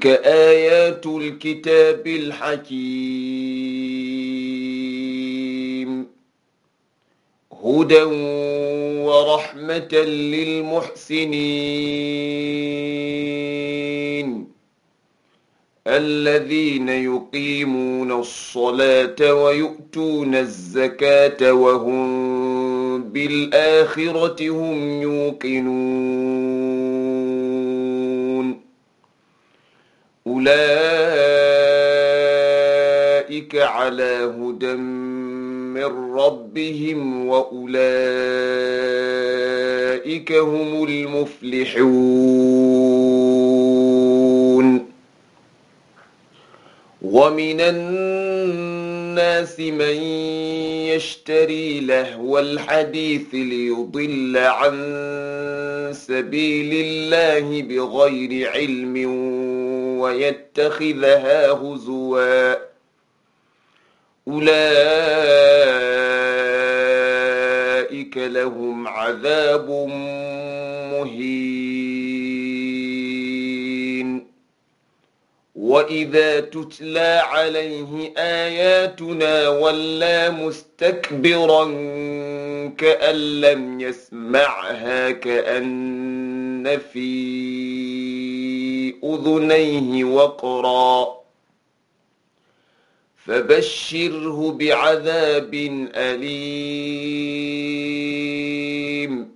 تلك آيات الكتاب الحكيم هدى ورحمة للمحسنين الذين يقيمون الصلاة ويؤتون الزكاة وهم بالآخرة هم يوقنون أولئك على هدى من ربهم وأولئك هم المفلحون ومن الناس من يشتري لهو الحديث ليضل عن سبيل الله بغير علم ويتخذها هزوا أولئك لهم عذاب مهين وإذا تتلى عليه آياتنا ولى مستكبرا كأن لم يسمعها كأن في أذنيه وقرا فبشره بعذاب أليم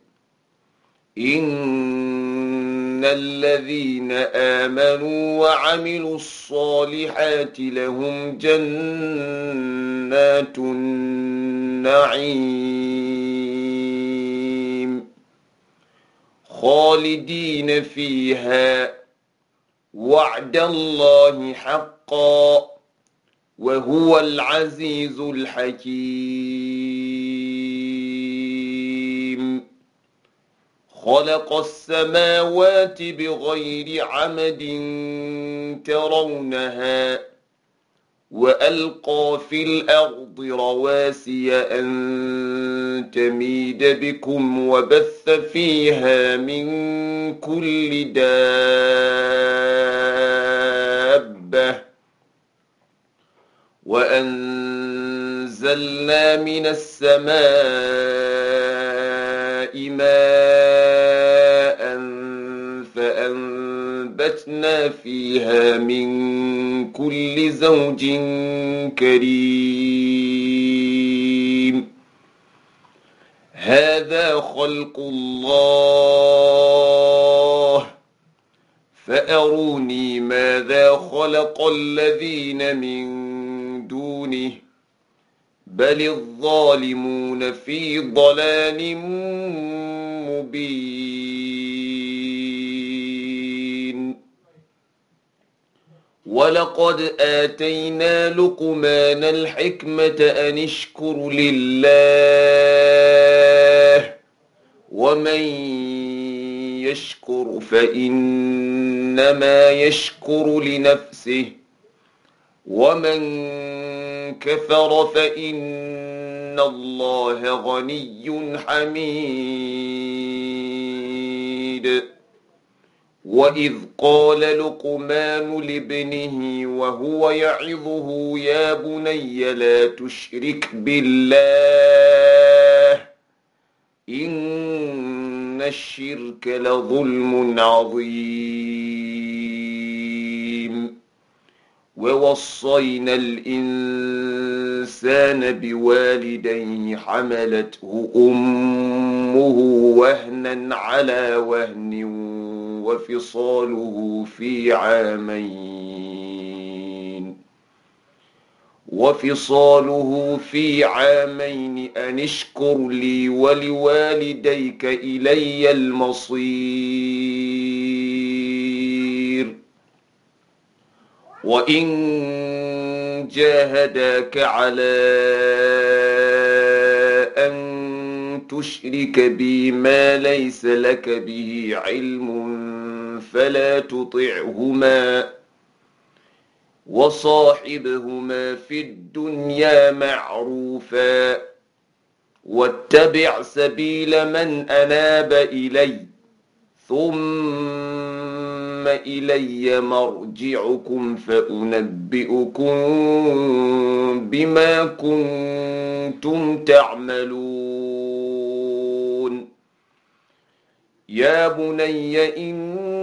إن الذين آمنوا وعملوا الصالحات لهم جنات النعيم خالدين فيها وعد الله حقا وهو العزيز الحكيم خلق السماوات بغير عمد ترونها والقى في الارض رواسي ان تميد بكم وبث فيها من كل دابه وانزلنا من السماء ماء وأنبتنا فيها من كل زوج كريم هذا خلق الله فأروني ماذا خلق الذين من دونه بل الظالمون في ضلال مبين ولقد آتينا لقمان الحكمة أن اشكر لله ومن يشكر فإنما يشكر لنفسه ومن كفر فإن الله غني حميد وإذ قال لقمان لابنه وهو يعظه يا بني لا تشرك بالله إن الشرك لظلم عظيم ووصينا الإنسان بوالديه حملته أمه وهنا على وهن وفصاله في عامين وفصاله في عامين أن اشكر لي ولوالديك إلي المصير وإن جاهداك على أن تشرك بي ما ليس لك به علم فلا تطعهما وصاحبهما في الدنيا معروفا واتبع سبيل من أناب إلي ثم إلي مرجعكم فأنبئكم بما كنتم تعملون يا بني إن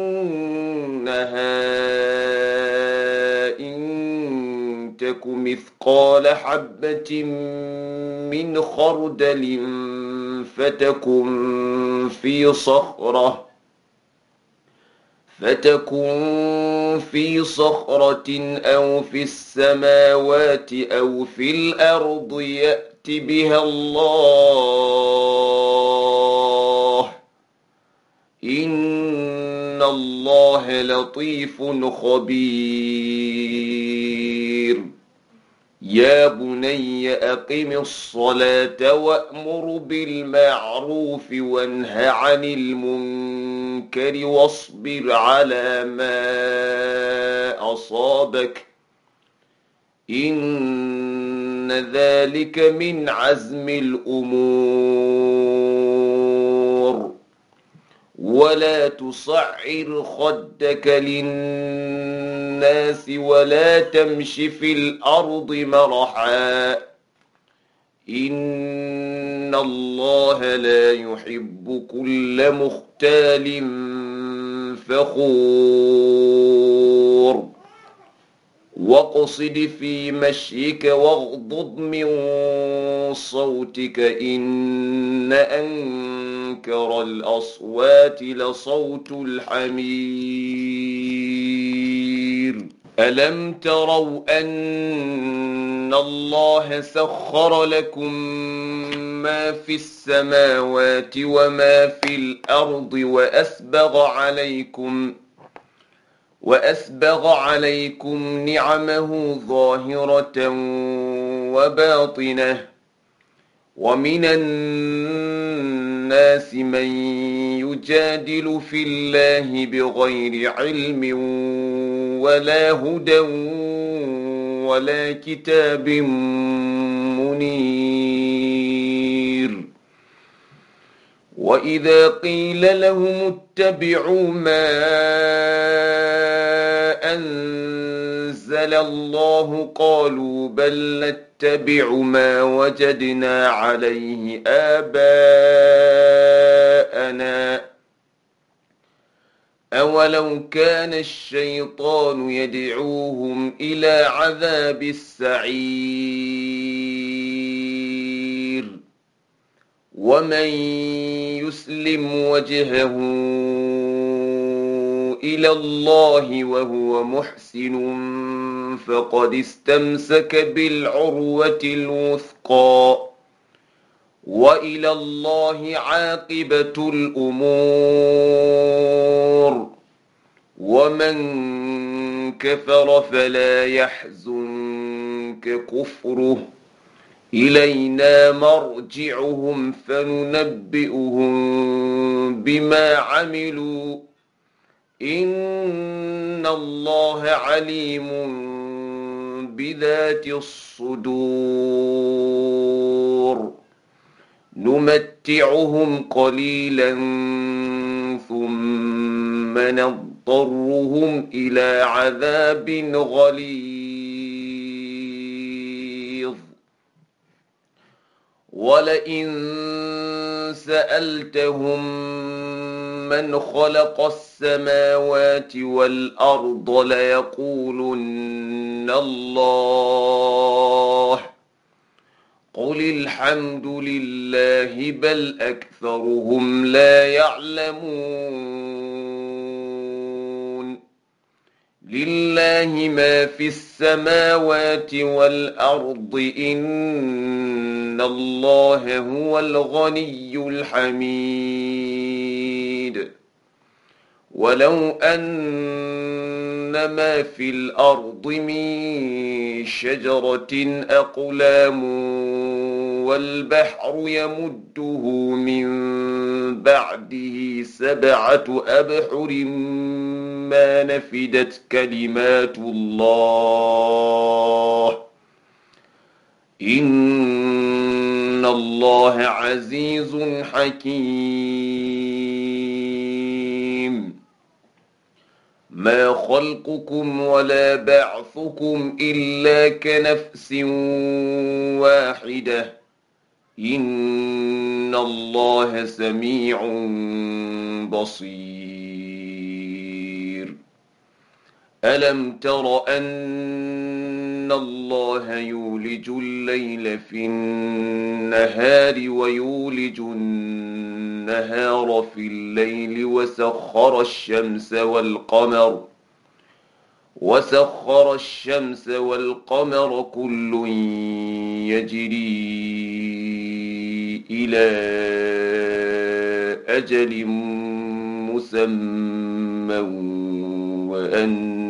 إنها تك مثقال حبة من خردل فتكن في صخرة فتكن في صخرة أو في السماوات أو في الأرض يأت بها الله إن الله لطيف خبير يا بني أقم الصلاة وأمر بالمعروف وانه عن المنكر واصبر على ما أصابك إن ذلك من عزم الأمور ولا تصعر خدك للناس ولا تمش في الأرض مرحا إن الله لا يحب كل مختال فخور واقصد في مشيك واغضض من صوتك إن أنت أنكر الأصوات لصوت الحمير ألم تروا أن الله سخر لكم ما في السماوات وما في الأرض وأسبغ عليكم وأسبغ عليكم نعمه ظاهرة وباطنه ومن الناس الناس من يجادل في الله بغير علم ولا هدى ولا كتاب منير واذا قيل لهم اتبعوا ما انزل الله قالوا بل نتبع ما وجدنا عليه آباءنا أولو كان الشيطان يدعوهم إلى عذاب السعير ومن يسلم وجهه إلى الله وهو محسن فقد استمسك بالعروة الوثقى وإلى الله عاقبة الأمور ومن كفر فلا يحزنك كفره إلينا مرجعهم فننبئهم بما عملوا إن الله عليم بذات الصدور نمتعهم قليلا ثم نضطرهم إلى عذاب غليظ ولئن سألتهم من خلق السماوات والأرض ليقولن الله قل الحمد لله بل أكثرهم لا يعلمون لله ما في السماوات والأرض إن الله هو الغني الحميد ولو أنما في الأرض من شجرة أقلام والبحر يمده من بعده سبعة أبحر ما نفدت كلمات الله إن الله عزيز حكيم ما خلقكم ولا بعثكم الا كنفس واحده ان الله سميع بصير الم تر ان إن الله يولج الليل في النهار ويولج النهار في الليل وسخر الشمس والقمر وسخر الشمس والقمر كل يجري إلى أجل مسمى وأن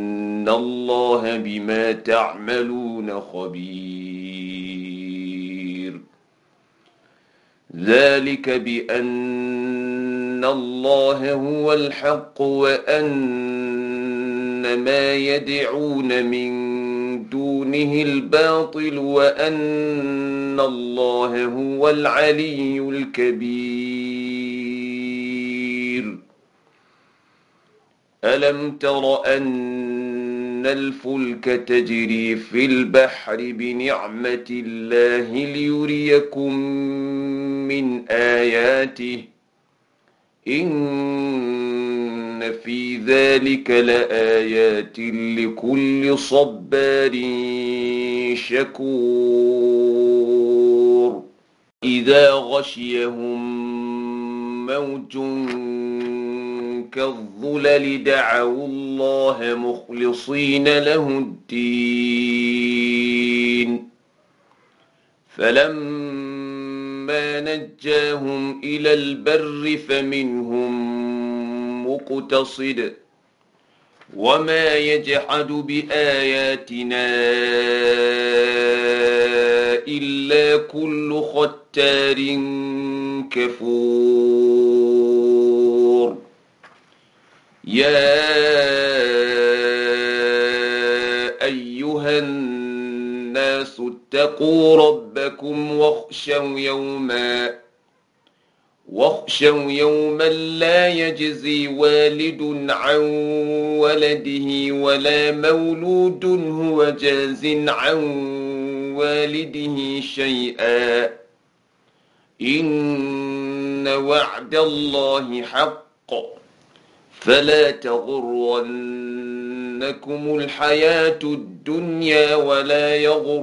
إن الله بما تعملون خبير ذلك بأن الله هو الحق وأن ما يدعون من دونه الباطل وأن الله هو العلي الكبير ألم تر أن إن الفلك تجري في البحر بنعمة الله ليريكم من آياته إن في ذلك لآيات لكل صبار شكور إذا غشيهم موج كالظلل دعوا الله مخلصين له الدين فلما نجاهم إلى البر فمنهم مقتصد وما يجحد بآياتنا إلا كل ختار كفور يا أيها الناس اتقوا ربكم واخشوا يوما واخشوا يوما لا يجزي والد عن ولده ولا مولود هو جاز عن والده شيئا إن وعد الله حق فلا تغرنكم الحياة الدنيا ولا يغرنكم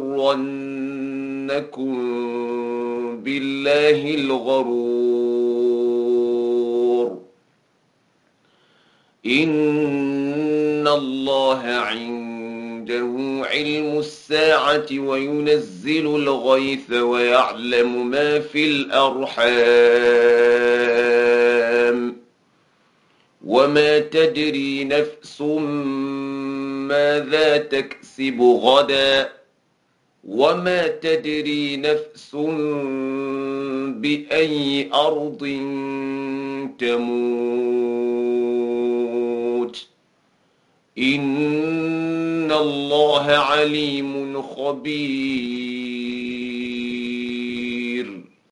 بالله الغرور إن الله عنده علم الساعة وينزل الغيث ويعلم ما في الأرحام وما تدري نفس ماذا تكسب غدا وما تدري نفس بأي أرض تموت إن الله عليم خبير